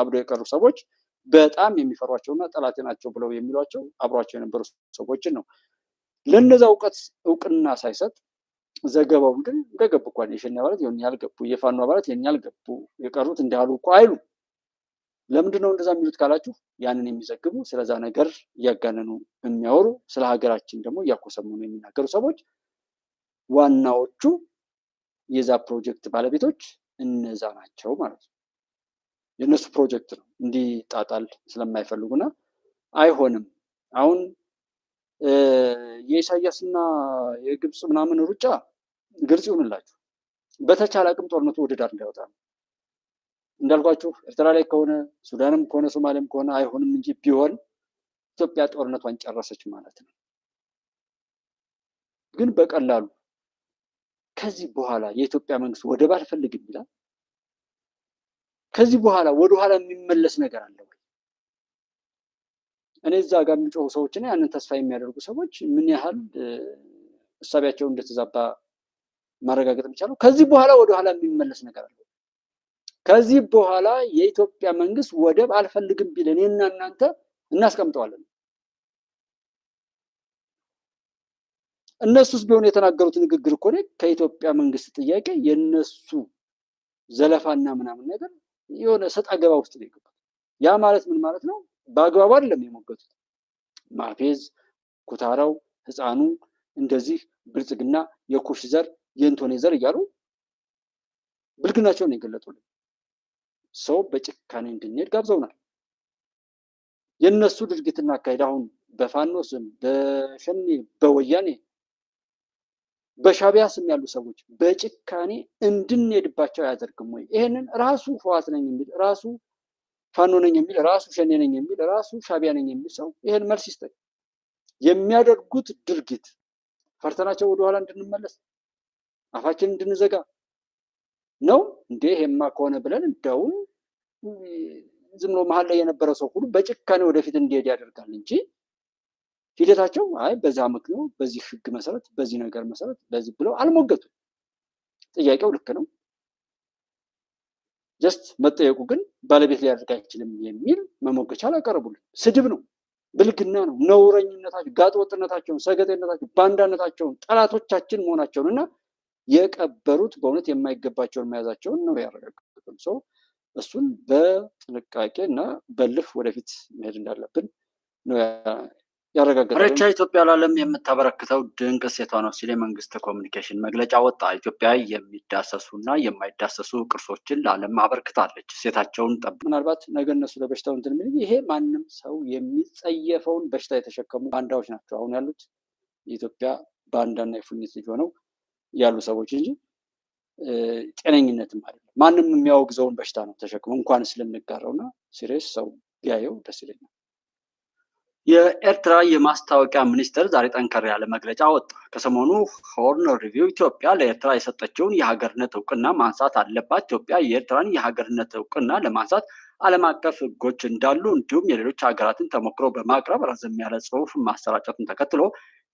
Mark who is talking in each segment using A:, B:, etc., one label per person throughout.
A: አብዶ የቀሩ ሰዎች በጣም የሚፈሯቸውና ጠላቴ ናቸው ብለው የሚሏቸው አብሯቸው የነበሩ ሰዎችን ነው። ለነዛ እውቀት እውቅና ሳይሰጥ ዘገባውን ግን እንደገቡ እንኳን የሸኔ አባላት ይሁን ያልገቡ የፋኖ አባላት ይህን ያልገቡ የቀሩት እንዲያሉ እኮ አይሉ። ለምንድን ነው እንደዛ የሚሉት ካላችሁ ያንን የሚዘግቡ ስለዛ ነገር እያጋነኑ የሚያወሩ ስለ ሀገራችን ደግሞ እያኮሰሙ ነው የሚናገሩ ሰዎች ዋናዎቹ የዛ ፕሮጀክት ባለቤቶች እነዛ ናቸው ማለት ነው። የእነሱ ፕሮጀክት ነው እንዲጣጣል ስለማይፈልጉና አይሆንም። አሁን የኢሳያስና የግብፅ ምናምን ሩጫ ግልጽ ይሆንላችሁ። በተቻለ አቅም ጦርነቱ ወደ ዳር እንዳይወጣ ነው እንዳልኳችሁ። ኤርትራ ላይ ከሆነ ሱዳንም ከሆነ ሶማሌም ከሆነ አይሆንም እንጂ ቢሆን ኢትዮጵያ ጦርነቷን ጨረሰች ማለት ነው። ግን በቀላሉ ከዚህ በኋላ የኢትዮጵያ መንግስት ወደብ አልፈልግም ይላል። ከዚህ በኋላ ወደ ኋላ የሚመለስ ነገር አለ ወይ? እኔ እዛ ጋር የሚጮሁ ሰዎችና ያንን ተስፋ የሚያደርጉ ሰዎች ምን ያህል እሳቢያቸው እንደተዛባ ማረጋገጥ የሚቻለው ከዚህ በኋላ ወደ ኋላ የሚመለስ ነገር አለ። ከዚህ በኋላ የኢትዮጵያ መንግስት ወደብ አልፈልግም ቢል እኔና እናንተ እናስቀምጠዋለን። እነሱስ ቢሆን የተናገሩት ንግግር እኮ ከኢትዮጵያ መንግስት ጥያቄ የነሱ ዘለፋና ምናምን ነገር የሆነ ሰጥ አገባ ውስጥ ነው የገቡት። ያ ማለት ምን ማለት ነው? በአግባቡ አይደለም የሞገቱት። ማፌዝ፣ ኩታራው፣ ህፃኑ እንደዚህ ብልጽግና፣ የኩሽ ዘር፣ የእንቶኔ ዘር እያሉ ብልግናቸውን የገለጡልን ሰው በጭካኔ እንድንሄድ ጋብዘውናል። የእነሱ ድርጊትና አካሄድ አሁን በፋኖ ስም በሸኔ በወያኔ በሻቢያ ስም ያሉ ሰዎች በጭካኔ እንድንሄድባቸው አያደርግም ወይ? ይህንን ራሱ ህዋት ነኝ የሚል ራሱ ፋኖ ነኝ የሚል ራሱ ሸኔ ነኝ የሚል ራሱ ሻቢያ ነኝ የሚል ሰው ይህን መልስ ይስጠኝ። የሚያደርጉት ድርጊት ፈርተናቸው ወደኋላ እንድንመለስ አፋችን እንድንዘጋ ነው እንዴ? ይሄማ ከሆነ ብለን እንደውም ዝም ብሎ መሀል ላይ የነበረ ሰው ሁሉ በጭካኔ ወደፊት እንዲሄድ ያደርጋል እንጂ ሂደታቸው አይ በዚህ አመክንዮ በዚህ ህግ መሰረት በዚህ ነገር መሰረት በዚህ ብለው አልሞገቱም። ጥያቄው ልክ ነው፣ ጀስት መጠየቁ ግን ባለቤት ሊያደርግ አይችልም የሚል መሞገቻ አላቀረቡልን። ስድብ ነው፣ ብልግና ነው፣ ነውረኝነታቸው፣ ጋጥወጥነታቸውን፣ ሰገጤነታቸው፣ ባንዳነታቸውን፣ ጠላቶቻችን መሆናቸውን እና የቀበሩት በእውነት የማይገባቸውን መያዛቸውን ነው ያረጋግጡም ሰው እሱን በጥንቃቄ እና በልፍ ወደፊት መሄድ እንዳለብን ነው ያረጋግጣል።
B: ኢትዮጵያ ለዓለም የምታበረክተው ድንቅ እሴቷ ነው ሲል የመንግስት ኮሚኒኬሽን መግለጫ ወጣ። ኢትዮጵያ የሚዳሰሱና የማይዳሰሱ ቅርሶችን ለዓለም አበርክታለች። እሴታቸውን ጠብ
A: ምናልባት ነገ እነሱ ለበሽታው እንትን የሚል ይሄ ማንም ሰው የሚጸየፈውን በሽታ የተሸከሙ ባንዳዎች ናቸው አሁን ያሉት የኢትዮጵያ ባንዳና የፉኝት ልጅ ሆነው ያሉ ሰዎች እንጂ ጤነኝነትም አይደለም። ማንም የሚያወግዘውን በሽታ ነው ተሸክሞ እንኳን ስለሚጋራውና ሲሬስ ሰው ቢያየው ደስ ይለኛል። የኤርትራ የማስታወቂያ ሚኒስትር ዛሬ ጠንከር ያለ መግለጫ ወጣ። ከሰሞኑ ሆርን ሪቪው ኢትዮጵያ ለኤርትራ የሰጠችውን የሀገርነት እውቅና ማንሳት አለባት፣ ኢትዮጵያ የኤርትራን የሀገርነት እውቅና ለማንሳት ዓለም አቀፍ ሕጎች እንዳሉ እንዲሁም የሌሎች ሀገራትን ተሞክሮ በማቅረብ ረዘም ያለ ጽሑፍ ማሰራጨቱን ተከትሎ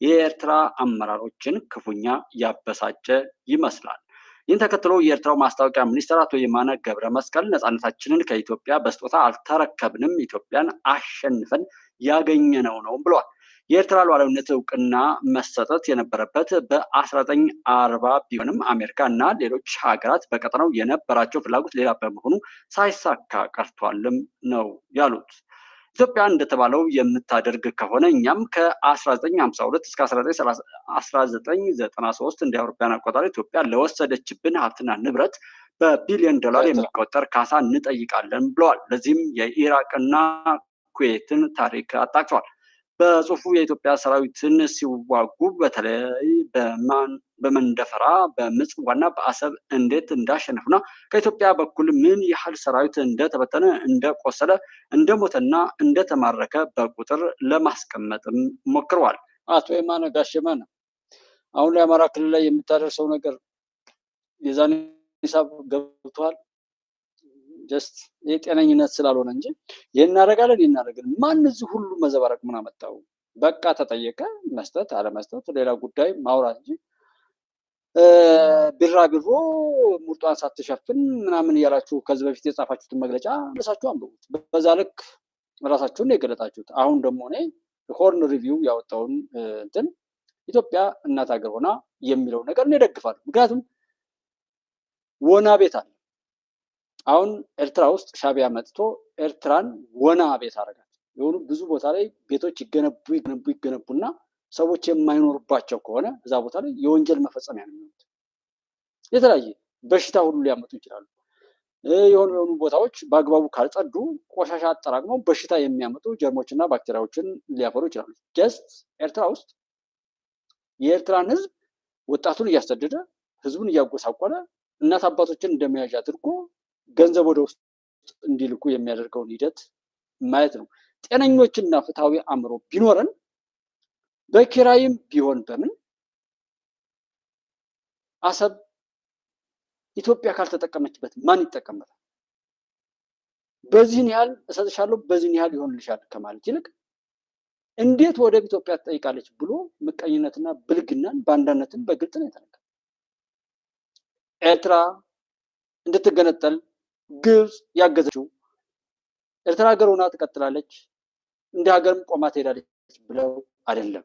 A: የኤርትራ አመራሮችን ክፉኛ ያበሳጨ ይመስላል። ይህን ተከትሎ የኤርትራው ማስታወቂያ ሚኒስትር አቶ የማነ ገብረ መስቀል ነፃነታችንን ከኢትዮጵያ በስጦታ አልተረከብንም፣ ኢትዮጵያን አሸንፈን ያገኘነው ነው ብለዋል። የኤርትራ ሉዓላዊነት እውቅና መሰጠት የነበረበት በ1940 ቢሆንም አሜሪካ እና ሌሎች ሀገራት በቀጠናው የነበራቸው ፍላጎት ሌላ በመሆኑ ሳይሳካ ቀርቷልም ነው ያሉት። ኢትዮጵያ እንደተባለው የምታደርግ ከሆነ እኛም ከ1952 እስከ 1993 እንደ አውሮፓውያን አቆጣጠር ኢትዮጵያ ለወሰደችብን ሀብትና ንብረት በቢሊዮን ዶላር የሚቆጠር ካሳ እንጠይቃለን ብለዋል። ለዚህም የኢራቅና ኩዌትን ታሪክ አጣቅሷል። በጽሁፉ የኢትዮጵያ ሰራዊትን ሲዋጉ በተለይ በመንደፈራ በምጽዋና በአሰብ እንዴት እንዳሸነፉና ከኢትዮጵያ በኩል ምን ያህል ሰራዊት እንደተበተነ፣ እንደቆሰለ፣ እንደሞተና እንደተማረከ በቁጥር ለማስቀመጥም ሞክረዋል። አቶ የማነ ጋሼ አሁን ላይ አማራ ክልል ላይ የምታደርሰው ነገር የዛኔ ሂሳብ ገብቷል። ጀስት የጤነኝነት ስላልሆነ እንጂ የእናደረጋለን የእናደረግን ማን እዚህ ሁሉ መዘባረቅ ምን አመጣው? በቃ ተጠየቀ መስጠት አለመስጠት ሌላ ጉዳይ ማውራት እንጂ ቢራቢሮ ሙርጧን ሳትሸፍን ምናምን እያላችሁ ከዚህ በፊት የጻፋችሁትን መግለጫ ራሳችሁ አንብቡት። በዛ ልክ ራሳችሁን የገለጣችሁት። አሁን ደግሞ እኔ ሆርን ሪቪው ያወጣውን እንትን ኢትዮጵያ እናት ሀገር ሆና የሚለው ነገር እኔ እደግፋለሁ። ምክንያቱም ወና ቤት አለ አሁን ኤርትራ ውስጥ ሻቢያ መጥቶ ኤርትራን ወና ቤት አደረጋት። የሆኑ ብዙ ቦታ ላይ ቤቶች ይገነቡ ይገነቡ ይገነቡና ሰዎች የማይኖርባቸው ከሆነ እዛ ቦታ ላይ የወንጀል መፈጸሚያ ነው የሚሆኑት። የተለያየ በሽታ ሁሉ ሊያመጡ ይችላሉ። የሆኑ የሆኑ ቦታዎች በአግባቡ ካልጸዱ ቆሻሻ አጠራቅመው በሽታ የሚያመጡ ጀርሞችና ባክቴሪያዎችን ሊያፈሩ ይችላሉ። ጀስት ኤርትራ ውስጥ የኤርትራን ህዝብ ወጣቱን እያሰደደ ህዝቡን እያጎሳቆለ እናት አባቶችን እንደመያዣ አድርጎ ገንዘብ ወደ ውስጥ እንዲልኩ የሚያደርገውን ሂደት ማየት ነው። ጤነኞችና ፍትሐዊ አእምሮ ቢኖረን በኪራይም ቢሆን በምን አሰብ ኢትዮጵያ ካልተጠቀመችበት ማን ይጠቀምበታል? በዚህን ያህል እሰጥሻለሁ፣ በዚህን ያህል ይሆንልሻል ከማለት ይልቅ እንዴት ወደብ ኢትዮጵያ ትጠይቃለች ብሎ ምቀኝነትና ብልግናን ባንዳነትን በግልጽ ነው የተነገረው። ኤርትራ እንድትገነጠል ግብፅ ያገዘችው ኤርትራ ሀገር ሆና ትቀጥላለች፣ እንደ ሀገርም ቆማ ትሄዳለች ብለው አይደለም።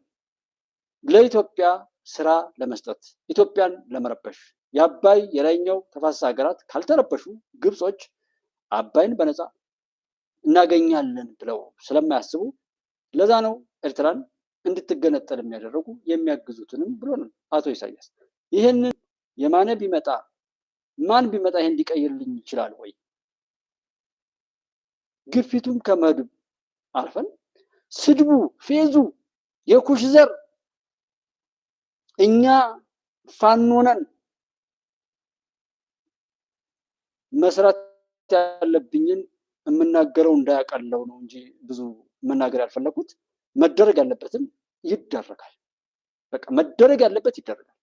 A: ለኢትዮጵያ ስራ ለመስጠት ኢትዮጵያን ለመረበሽ የአባይ የላይኛው ተፋሰስ ሀገራት ካልተረበሹ ግብጾች አባይን በነፃ እናገኛለን ብለው ስለማያስቡ ለዛ ነው ኤርትራን እንድትገነጠል የሚያደረጉ የሚያግዙትንም ብሎ ነው አቶ ኢሳያስ። ይህንን የማነ ቢመጣ ማን ቢመጣ ይሄን ሊቀይርልኝ ይችላል ወይ? ግፊቱም ከመድብ አልፈን ስድቡ፣ ፌዙ፣ የኩሽ ዘር እኛ ፋኖነን መስራት ያለብኝን የምናገረው እንዳያቀለው ነው እንጂ ብዙ መናገር ያልፈለኩት መደረግ ያለበትም ይደረጋል። በቃ መደረግ ያለበት ይደረጋል።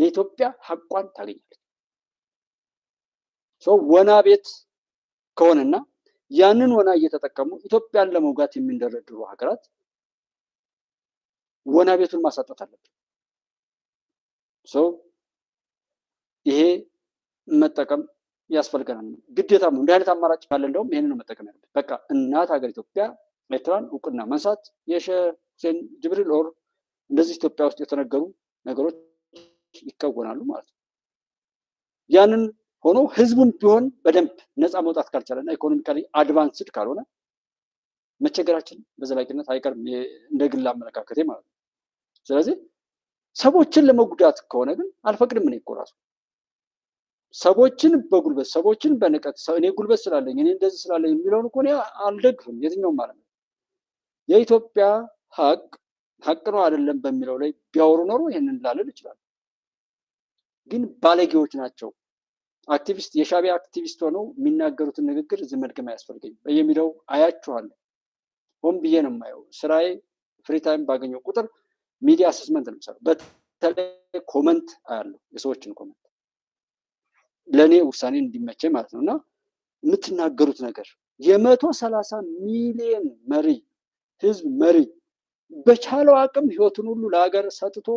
A: የኢትዮጵያ ሀቋን ታገኛለች። ሰው ወና ቤት ከሆነና ያንን ወና እየተጠቀሙ ኢትዮጵያን ለመውጋት የሚንደረድሩ ሀገራት ወና ቤቱን ማሳጣት አለብን። ሰው ይሄ መጠቀም ያስፈልገናል ግዴታም ነው። እንዲህ አይነት አማራጭ ካለ እንደውም ይህን ነው መጠቀም ያለብን። በቃ እናት ሀገር ኢትዮጵያ ኤርትራን እውቅና መንሳት የሼህ ሁሴን ጅብሪል ኦር እንደዚህ ኢትዮጵያ ውስጥ የተነገሩ ነገሮች ይከወናሉ ማለት ነው ያንን ሆኖ ህዝቡም ቢሆን በደንብ ነፃ መውጣት ካልቻለ እና ኢኮኖሚካሊ አድቫንስድ ካልሆነ መቸገራችን በዘላቂነት አይቀርም፣ እንደ ግል አመለካከቴ ማለት ነው። ስለዚህ ሰዎችን ለመጉዳት ከሆነ ግን አልፈቅድም። እኔ እኮ ራሱ ሰዎችን በጉልበት ሰዎችን በንቀት እኔ ጉልበት ስላለኝ እኔ እንደዚህ ስላለኝ የሚለውን እኮ እኔ አልደግፍም፣ የትኛውም ማለት ነው። የኢትዮጵያ ሀቅ ሀቅ ነው አይደለም በሚለው ላይ ቢያወሩ ኖሮ ይህንን ላልል ይችላል። ግን ባለጌዎች ናቸው አክቲቪስት የሻቢያ አክቲቪስት ሆነው የሚናገሩትን ንግግር እዚህ መድገም አያስፈልገኝም የሚለው አያችኋለሁ። ሆን ብዬ ነው የማየው። ስራዬ ፍሪ ታይም ባገኘው ቁጥር ሚዲያ አሰስመንት ነው የምሰራው። በተለይ ኮመንት አያለሁ፣ የሰዎችን ኮመንት ለእኔ ውሳኔ እንዲመቼ ማለት ነው እና የምትናገሩት ነገር የመቶ ሰላሳ ሚሊዮን መሪ ህዝብ መሪ በቻለው አቅም ህይወቱን ሁሉ ለሀገር ሰጥቶ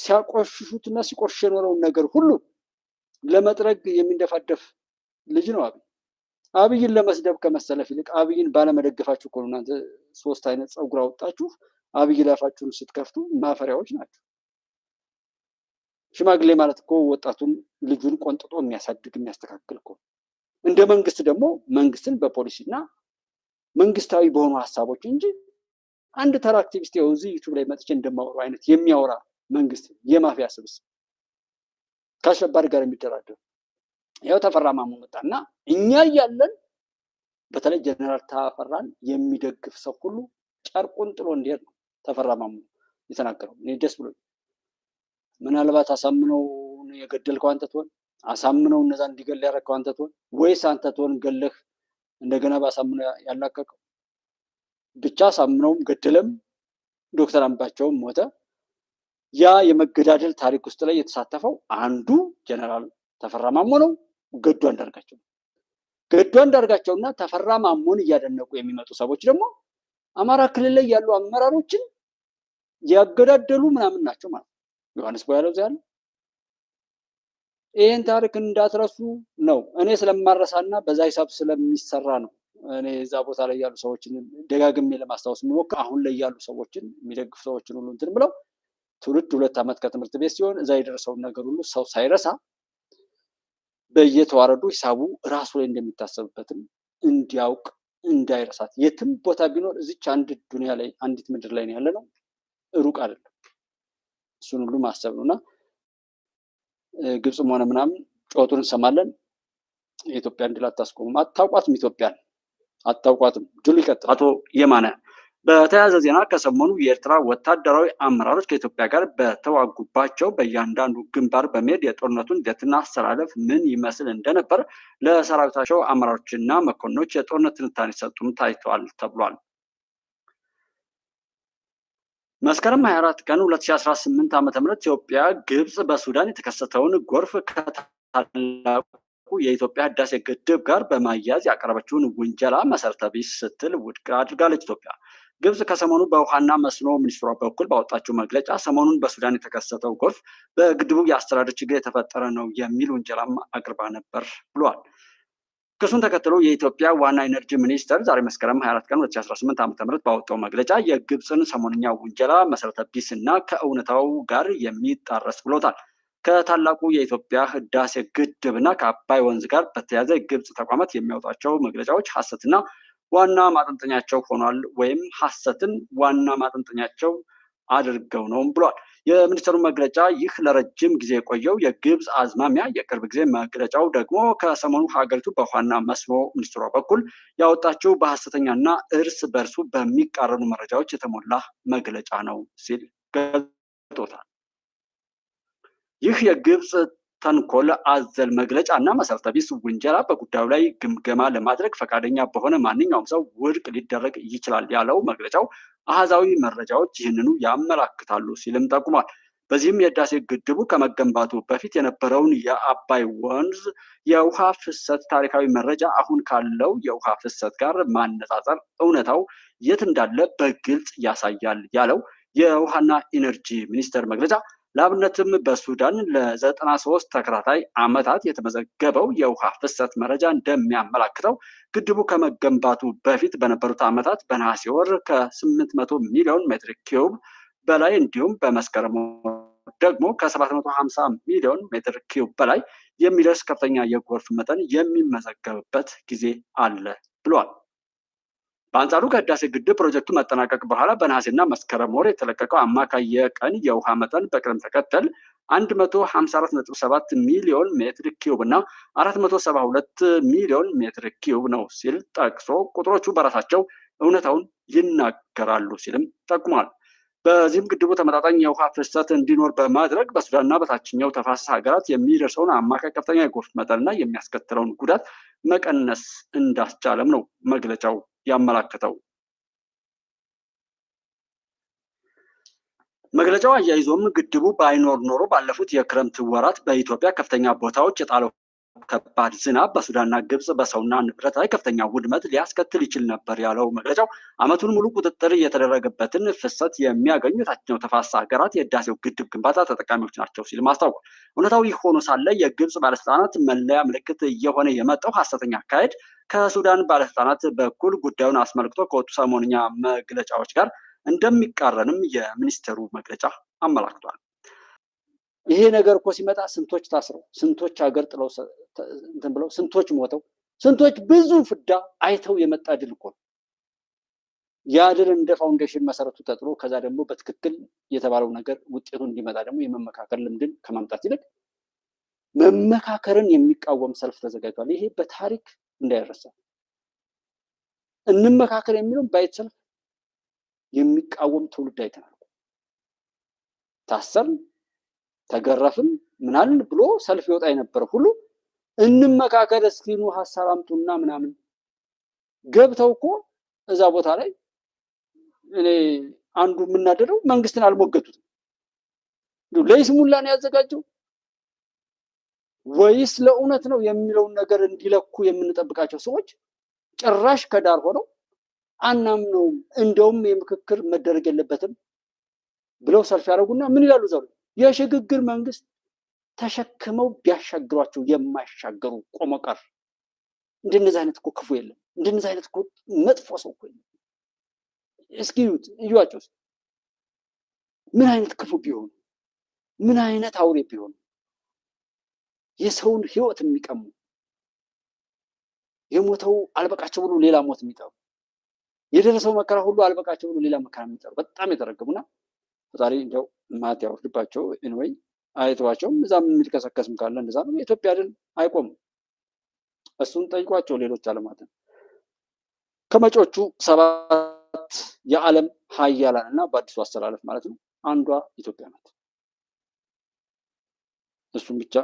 A: ሲያቆሽሹትና ሲቆሽ የኖረውን ነገር ሁሉ ለመጥረግ የሚንደፋደፍ ልጅ ነው አብይ። አብይን ለመስደብ ከመሰለፍ ይልቅ አብይን ባለመደገፋችሁ እኮ ነው እናንተ ሶስት አይነት ፀጉር አወጣችሁ አብይ ላፋችሁን ስትከፍቱ ማፈሪያዎች ናቸው። ሽማግሌ ማለት እኮ ወጣቱን ልጁን ቆንጥጦ የሚያሳድግ የሚያስተካክል እኮ እንደ መንግስት ደግሞ መንግስትን በፖሊሲ እና መንግስታዊ በሆኑ ሀሳቦች እንጂ አንድ ተራ አክቲቪስት የው እዚህ ዩቱብ ላይ መጥቼ እንደማወራው አይነት የሚያወራ መንግስት የማፊያ ስብስብ ከአሸባሪ ጋር የሚደራደሩ ያው ተፈራ ማሞ መጣና እኛ እያለን በተለይ ጀነራል ተፈራን የሚደግፍ ሰው ሁሉ ጨርቁን ጥሎ እንዲሄድ ነው ተፈራ ማሞ የተናገረው። እኔ ደስ ብሎ ምናልባት አሳምነው የገደልከው አንተ ትሆን፣ አሳምነው እነዛ እንዲገል ያደረግከው አንተ ትሆን፣ ወይስ አንተ ትሆን ገለህ እንደገና በአሳምነው ያላቀቀው ብቻ አሳምነውም ገደለም ዶክተር አምባቸውም ሞተ። ያ የመገዳደል ታሪክ ውስጥ ላይ የተሳተፈው አንዱ ጀነራል ተፈራ ማሞ ነው። ገዱ አንዳርጋቸው ገዱ እና ተፈራ ማሞን እያደነቁ የሚመጡ ሰዎች ደግሞ አማራ ክልል ላይ ያሉ አመራሮችን ያገዳደሉ ምናምን ናቸው ማለት ነው። ዮሐንስ ቦያለው እዚያ ያለ ይህን ታሪክ እንዳትረሱ ነው። እኔ ስለማረሳና በዛ ሂሳብ ስለሚሰራ ነው። እኔ እዛ ቦታ ላይ ያሉ ሰዎችን ደጋግሜ ለማስታወስ የሚሞክር አሁን ላይ ያሉ ሰዎችን የሚደግፉ ሰዎችን ሁሉ እንትን ብለው ትውልድ ሁለት ዓመት ከትምህርት ቤት ሲሆን እዛ የደረሰውን ነገር ሁሉ ሰው ሳይረሳ በየተዋረዱ ሂሳቡ ራሱ ላይ እንደሚታሰብበትም እንዲያውቅ እንዳይረሳት የትም ቦታ ቢኖር እዚች አንድ ዱኒያ ላይ አንዲት ምድር ላይ ያለ ነው፣ ሩቅ አይደለም። እሱን ሁሉ ማሰብ ነው እና ግብፅም ሆነ ምናምን ጮቱን እንሰማለን። የኢትዮጵያን ድል አታስቆሙም። አታውቋትም፣ ኢትዮጵያን አታውቋትም። ድሉ ይቀጥል። አቶ የማነ በተያያዘ ዜና ከሰሞኑ የኤርትራ ወታደራዊ አመራሮች ከኢትዮጵያ ጋር በተዋጉባቸው በእያንዳንዱ ግንባር በመሄድ የጦርነቱን ሂደትና አሰላለፍ ምን ይመስል እንደነበር ለሰራዊታቸው አመራሮችና መኮንኖች የጦርነት ትንታኔ ሲሰጡም ታይተዋል ተብሏል። መስከረም 24 ቀን 2018 ም ኢትዮጵያ ግብጽ በሱዳን የተከሰተውን ጎርፍ ከታላቁ የኢትዮጵያ ህዳሴ ግድብ ጋር በማያያዝ ያቀረበችውን ውንጀላ መሰረተ ቢስ ስትል ውድቅ አድርጋለች። ኢትዮጵያ ግብጽ ከሰሞኑ በውሃና መስኖ ሚኒስትሯ በኩል ባወጣችው መግለጫ ሰሞኑን በሱዳን የተከሰተው ጎርፍ በግድቡ የአስተዳደር ችግር የተፈጠረ ነው የሚል ውንጀላም አቅርባ ነበር ብሏል። ክሱን ተከትሎ የኢትዮጵያ ዋና ኤነርጂ ሚኒስትር ዛሬ መስከረም 24 ቀን 2018 ዓ ም ባወጣው መግለጫ የግብፅን ሰሞንኛ ውንጀላ መሰረተ ቢስ እና ከእውነታው ጋር የሚጣረስ ብሎታል። ከታላቁ የኢትዮጵያ ህዳሴ ግድብ እና ከአባይ ወንዝ ጋር በተያያዘ የግብፅ ተቋማት የሚያወጣቸው መግለጫዎች ሀሰትና። ዋና ማጠንጠኛቸው ሆኗል ወይም ሐሰትን ዋና ማጠንጠኛቸው አድርገው ነው ብሏል። የሚኒስትሩ መግለጫ ይህ ለረጅም ጊዜ የቆየው የግብፅ አዝማሚያ የቅርብ ጊዜ መግለጫው ደግሞ ከሰሞኑ ሀገሪቱ በኋና መስኖ ሚኒስትሯ በኩል ያወጣችው በሐሰተኛና እርስ በእርሱ በሚቃረኑ መረጃዎች የተሞላ መግለጫ ነው ሲል ገልጦታል። ይህ የግብፅ ተንኮል አዘል መግለጫ እና መሰረተ ቢስ ውንጀላ በጉዳዩ ላይ ግምገማ ለማድረግ ፈቃደኛ በሆነ ማንኛውም ሰው ውድቅ ሊደረግ ይችላል ያለው መግለጫው አሃዛዊ መረጃዎች ይህንኑ ያመላክታሉ ሲልም ጠቁሟል። በዚህም የህዳሴ ግድቡ ከመገንባቱ በፊት የነበረውን የአባይ ወንዝ የውሃ ፍሰት ታሪካዊ መረጃ አሁን ካለው የውሃ ፍሰት ጋር ማነጻጸር እውነታው የት እንዳለ በግልጽ ያሳያል ያለው የውሃና ኢነርጂ ሚኒስቴር መግለጫ ለአብነትም በሱዳን ለዘጠና ሶስት ተከታታይ ዓመታት የተመዘገበው የውሃ ፍሰት መረጃ እንደሚያመላክተው ግድቡ ከመገንባቱ በፊት በነበሩት ዓመታት በነሐሴ ወር ከ800 ሚሊዮን ሜትር ኪዩብ በላይ እንዲሁም በመስከረም ደግሞ ከ750 ሚሊዮን ሜትር ኪዩብ በላይ የሚደርስ ከፍተኛ የጎርፍ መጠን የሚመዘገብበት ጊዜ አለ ብሏል። በአንጻሩ ከህዳሴ ግድብ ፕሮጀክቱ መጠናቀቅ በኋላ በነሐሴና መስከረም ወር የተለቀቀው አማካይ የቀን የውሃ መጠን በቅደም ተከተል 154.7 ሚሊዮን ሜትር ኪዩብ እና 472 ሚሊዮን ሜትር ኪዩብ ነው ሲል ጠቅሶ ቁጥሮቹ በራሳቸው እውነታውን ይናገራሉ ሲልም ጠቁሟል። በዚህም ግድቡ ተመጣጣኝ የውሃ ፍሰት እንዲኖር በማድረግ በሱዳንና በታችኛው ተፋሰስ ሀገራት የሚደርሰውን አማካይ ከፍተኛ የጎርፍ መጠንና የሚያስከትለውን ጉዳት መቀነስ እንዳስቻለም ነው መግለጫው ያመላከተው። መግለጫው አያይዞም ግድቡ ባይኖር ኖሮ ባለፉት የክረምት ወራት በኢትዮጵያ ከፍተኛ ቦታዎች የጣለው ከባድ ዝናብ በሱዳንና ግብፅ በሰውና ንብረት ላይ ከፍተኛ ውድመት ሊያስከትል ይችል ነበር ያለው መግለጫው ዓመቱን ሙሉ ቁጥጥር የተደረገበትን ፍሰት የሚያገኙ የታችኛው ተፋሰስ ሀገራት የህዳሴው ግድብ ግንባታ ተጠቃሚዎች ናቸው ሲልም አስታውቋል። እውነታዊ ሆኖ ሳለ የግብፅ ባለስልጣናት መለያ ምልክት እየሆነ የመጣው ሀሰተኛ አካሄድ ከሱዳን ባለስልጣናት በኩል ጉዳዩን አስመልክቶ ከወጡ ሰሞንኛ መግለጫዎች ጋር እንደሚቃረንም የሚኒስቴሩ መግለጫ አመላክቷል። ይሄ ነገር እኮ ሲመጣ ስንቶች ታስረው ስንቶች ሀገር ጥለው እንትን ብለው ስንቶች ሞተው ስንቶች ብዙ ፍዳ አይተው የመጣ ድል እኮ ነው። ያ ድል እንደ ፋውንዴሽን መሰረቱ ተጥሎ ከዛ ደግሞ በትክክል የተባለው ነገር ውጤቱ እንዲመጣ ደግሞ የመመካከር ልምድን ከማምጣት ይልቅ መመካከርን የሚቃወም ሰልፍ ተዘጋጅቷል። ይሄ በታሪክ እንዳይረሳ እንመካከር የሚለውን ባይት የሚቃወም ትውልድ አይተናል። ታሰርን፣ ተገረፍን ምናልን ብሎ ሰልፍ ይወጣ የነበረ ሁሉ እንመካከል እስኪኑ ሀሳብ አምጡና ምናምን ገብተው እኮ እዛ ቦታ ላይ እኔ አንዱ የምናደደው መንግስትን አልሞገቱትም። ለይስሙላ ነው ያዘጋጀው ወይስ ለእውነት ነው የሚለውን ነገር እንዲለኩ የምንጠብቃቸው ሰዎች ጭራሽ ከዳር ሆነው አናምነውም፣ እንደውም የምክክር መደረግ የለበትም ብለው ሰልፍ ያደረጉና ምን ይላሉ? ዛሬ የሽግግር መንግስት ተሸክመው ቢያሻግሯቸው የማይሻገሩ ቆመ ቀር። እንደነዚህ አይነት እኮ ክፉ የለም። እንደነዚህ አይነት እኮ መጥፎ ሰው እኮ እስኪ እዩት፣ እዩዋቸው። ምን አይነት ክፉ ቢሆኑ፣ ምን አይነት አውሬ ቢሆኑ፣ የሰውን ህይወት የሚቀሙ የሞተው አልበቃቸው ብሎ ሌላ ሞት የሚጠሩ የደረሰው መከራ ሁሉ አልበቃቸው ብሎ ሌላ መከራ የሚጠሩ በጣም የተረገሙና ፈጣሪ እንደው ማት ያወርድባቸው። ኤንወይ አይተዋቸውም እዛም የሚልቀሰቀስም ካለ እንደዛ ነው። የኢትዮጵያ ድል አይቆምም። እሱን ጠይቋቸው ሌሎች አለማትን ከመጮቹ ሰባት የዓለም ሀያላን እና በአዲሱ አስተላለፍ ማለት ነው አንዷ ኢትዮጵያ ናት። እሱም ብቻ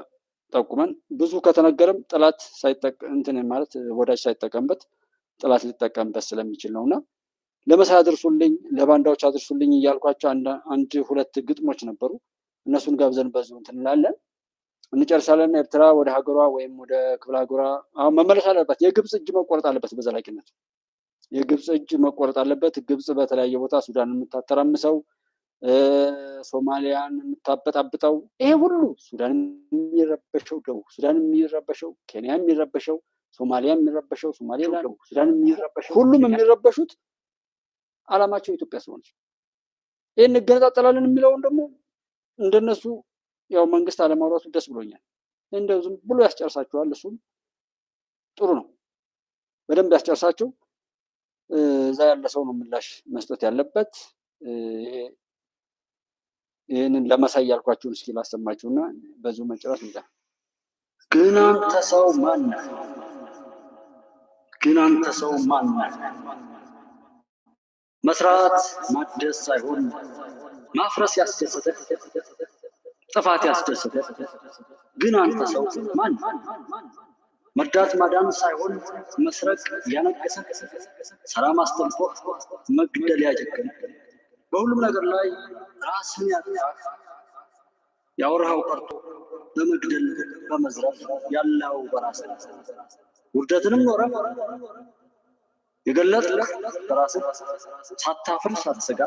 A: ጠቁመን ብዙ ከተነገረም ጠላት እንትን ማለት ወዳጅ ሳይጠቀምበት ጠላት ሊጠቀምበት ስለሚችል ነው እና ለመሳይ አድርሱልኝ፣ ለባንዳዎች አድርሱልኝ እያልኳቸው አንድ ሁለት ግጥሞች ነበሩ። እነሱን ጋብዘን በዚሁ እንትን እንላለን እንጨርሳለን። ኤርትራ ወደ ሀገሯ ወይም ወደ ክፍለ ሀገሯ መመለስ አለበት። የግብፅ እጅ መቆረጥ አለበት። በዘላቂነት የግብፅ እጅ መቆረጥ አለበት። ግብፅ በተለያየ ቦታ ሱዳን የምታተራምሰው፣ ሶማሊያን የምታበጣብጠው፣ ይሄ ሁሉ ሱዳን የሚረበሸው ደቡብ ሱዳን የሚረበሸው፣ ኬንያ የሚረበሸው፣ ሶማሊያ የሚረበሸው፣ ሶማሌላንድ፣ ሱዳን የሚረበሸው፣ ሁሉም የሚረበሹት አላማቸው ኢትዮጵያ ስለሆነች ይህን እንገነጣጠላለን የሚለውን ደግሞ እንደነሱ ያው መንግስት አለማውራቱ ደስ ብሎኛል። እንደው ዝም ብሎ ያስጨርሳቸዋል። እሱም ጥሩ ነው። በደንብ ያስጨርሳቸው። እዛ ያለ ሰው ነው ምላሽ መስጠት ያለበት። ይህንን ለመሳይ ያልኳችሁን እስኪ ላሰማችሁና በዚሁ መጨረስ እንጃ።
B: ግን አንተ ሰው ማን ነህ? ግን አንተ ሰው ማን ነህ? መስራት ማደስ ሳይሆን ማፍረስ ያስደሰተ ጥፋት ያስደሰተ ግን አንተ ሰው ማን መርዳት ማዳን ሳይሆን መስረቅ ያነገሰ ሰላም አስጠልፎ መግደል ያጀገነ በሁሉም ነገር ላይ ራስን ያጣ ያወራኸው ቀርቶ በመግደል በመዝረፍ ያለው በራስ ውርደትንም ኖረ የገለጥክ በራስህ ሳታፍር ሳትሰጋ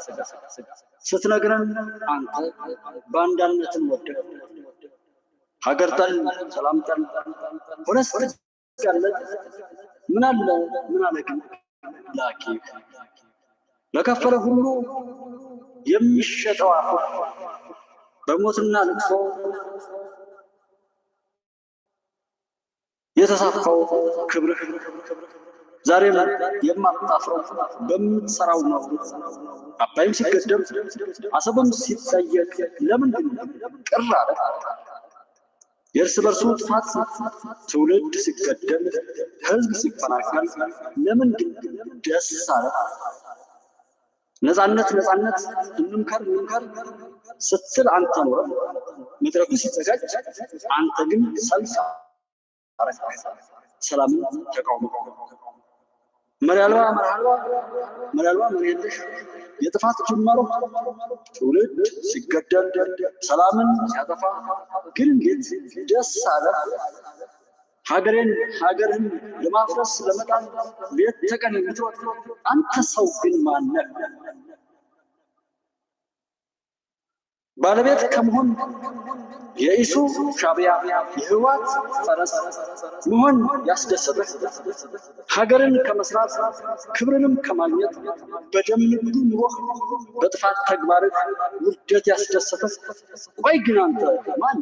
B: ስትነግረን አንተ በአንዳነትን ወደ ሀገር ጠል ሰላም ጠል ሆነ ስትቀለጥ ምን አለ ምን አለ ግን ላኪ ለከፈለ ሁሉ የሚሸጠው አፍ በሞትና ልቅሶ የተሳፋው ክብርህ ዛሬ ላይ የማታፍረው በምትሰራው ነው። አባይም ሲገደም አሰብም ሲጠየቅ ለምንድን ቅር አለ? የእርስ በርሱ ጥፋት ትውልድ ሲገደም፣ ህዝብ ሲፈናቀል ለምንድን ደስ አለ? ነፃነት ነፃነት እንምከር እንምከር ስትል አንተ ኖረ፣ መድረኩ ሲዘጋጅ አንተ ግን ሰልፍ ሰላምን ተቃውሞ መሪ አልባ መሪ አልባ የጥፋት ጅማሮ ትውልድ ሲገደል ሰላምን ሲያጠፋ ግን እንዴት ደስ አለ ሀገሬን ሀገርን ለማፍረስ ለመጣል ቤት ተቀን የምትወጥ አንተ ሰው ግን ማነህ? ባለቤት ከመሆን የኢሱ ሻቢያ የህዋት ፈረስ መሆን ያስደሰተህ ሀገርን ከመስራት ክብርንም ከማግኘት በደም ንግዱ ኑሮህ በጥፋት ተግባርህ ውርደት ያስደሰተህ ቆይ ግን አንተ ማን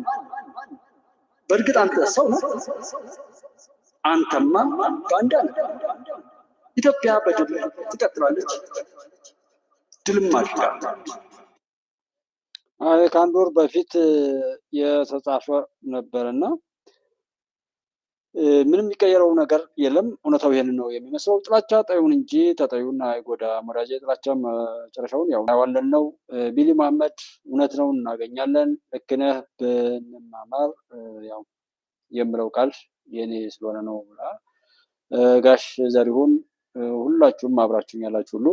B: በእርግጥ አንተ ሰው ነው አንተማ ባንዳ ነው ኢትዮጵያ በድል ትቀጥላለች ድልም አድርጋለች
A: አይ ከአንድ ወር በፊት የተጻፈ ነበር እና ምንም የሚቀየረው ነገር የለም። እውነታው ይህን ነው የሚመስለው። ጥላቻ ጠዩን እንጂ ተጠዩን አይጎዳም። ወዳጅ ጥላቻ መጨረሻውን ያው እናየዋለን ነው። ቢሊ መሐመድ እውነት ነው፣ እናገኛለን። ልክ ነህ፣ ብንማማር ያው የምለው ቃል የኔ ስለሆነ ነው ብላ ጋሽ ዘሪሁን ሁላችሁም አብራችሁኝ ያላችሁ ሁሉ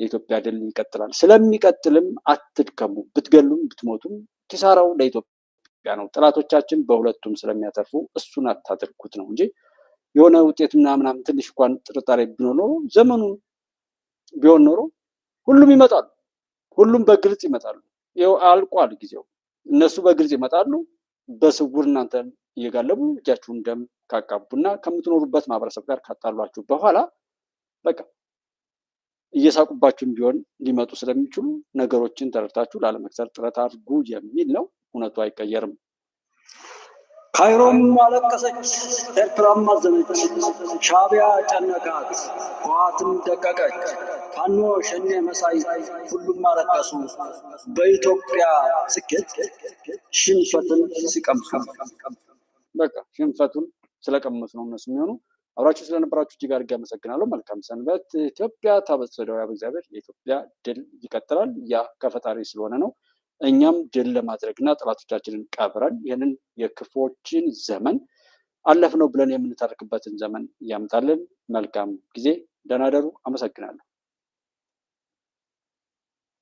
A: የኢትዮጵያ ድል ይቀጥላል። ስለሚቀጥልም አትድከሙ፣ ብትገሉም ብትሞቱም ኪሳራው ለኢትዮጵያ ነው። ጠላቶቻችን በሁለቱም ስለሚያተርፉ እሱን አታድርጉት ነው እንጂ የሆነ ውጤት ምናምናም ትንሽ እንኳን ጥርጣሬ ቢኖር ኖሮ ዘመኑ ቢሆን ኖሮ ሁሉም ይመጣሉ፣ ሁሉም በግልጽ ይመጣሉ። ይኸው አልቋል ጊዜው። እነሱ በግልጽ ይመጣሉ፣ በስውር እናንተ እየጋለቡ እጃችሁን ደም ካቃቡና ከምትኖሩበት ማህበረሰብ ጋር ካጣሏችሁ በኋላ በቃ እየሳቁባችሁም ቢሆን ሊመጡ ስለሚችሉ ነገሮችን ተረድታችሁ ላለመክሰል ጥረት አድርጉ የሚል ነው። እውነቱ አይቀየርም።
B: ካይሮም አለቀሰች፣ ኤርትራም አዘነች፣ ሻቢያ ጨነቃት፣ ህወሓትም ደቀቀች፣ ፋኖ ሸኔ መሳይ ሁሉም አለቀሱ። በኢትዮጵያ ስኬት ሽንፈትን ሲቀምሱ
A: በቃ ሽንፈቱን ስለቀመሱ ነው እነሱ የሚሆኑ አብራችሁ ስለነበራችሁ እጅግ አድርጌ አመሰግናለሁ። መልካም ሰንበት። ኢትዮጵያ ታበጽሕ እደዊሃ በእግዚአብሔር። የኢትዮጵያ ድል ይቀጥላል። ያ ከፈጣሪ ስለሆነ ነው። እኛም ድል ለማድረግና ጠላቶቻችንን ቀብረን ይህንን የክፎችን ዘመን አለፍነው ብለን የምንታርቅበትን ዘመን ያምጣልን። መልካም ጊዜ። ደህና ደሩ። አመሰግናለሁ።